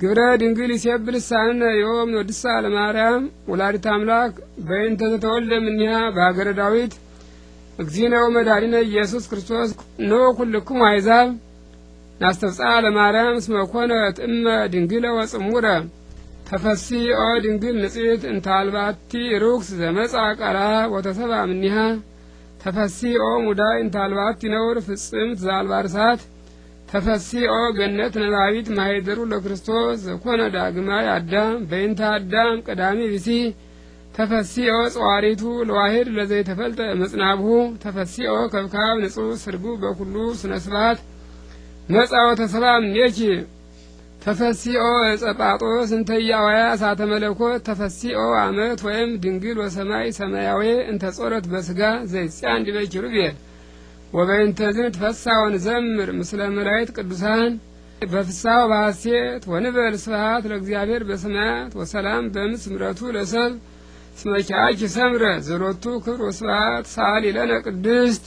ግብረ ድንግል ይሴብል ልሳንነ ዮም ወድሳ ለማርያም ወላዲተ አምላክ በእንተ ተተወልደ እምኔሃ በሀገረ ዳዊት እግዚእነ ወመድኃኒነ ኢየሱስ ክርስቶስ ኖ ኩልክሙ አሕዛብ ናስተፍጻ ለማርያም እስመ ኮነት እመ ድንግለ ወጽሙረ ተፈሲ ኦ ድንግል ንጽሕት እንተ አልባቲ ርኩስ ዘመጻ ቃልሃ ወተሰብአ እምኔሃ ተፈሲ ኦ ሙዳይ እንተ አልባቲ ነውር ፍጽምት ዘአልባ ተፈሲኦ ገነት ነባቢት ማይደሩ ለክርስቶስ ዘኮነ ዳግማይ አዳም በይንተ አዳም ቀዳሚ ብሲ ተፈሲኦ ጸዋሪቱ ለዋሂድ ለዘይተፈልጠ መጽናብሁ ተፈሲኦ ከብካብ ንጹሕ ስርጉ በኩሉ ስነ ስባት መጻኦ ተሰላም ኔኪ ተፈሲኦ እጸ ጳጦስ እንተ መለኮት ተፈሲኦ አመት ወይም ድንግል ወሰማይ ሰማያዊ እንተ ጾረት በስጋ ዘይጽያ ዲበ ኪሩቤል ወበይንተ ንትፈሳውን ዘምር ምስለ መላእክት ቅዱሳን በፍሳው ባሴት ወንበል ስብሐት ለእግዚአብሔር በሰማያት ወሰላም በምስ ምረቱ ለሰብ እስመ ሰምረ ዘሎቱ ክብር ወስብሐት ሳል ይለነ ቅድስት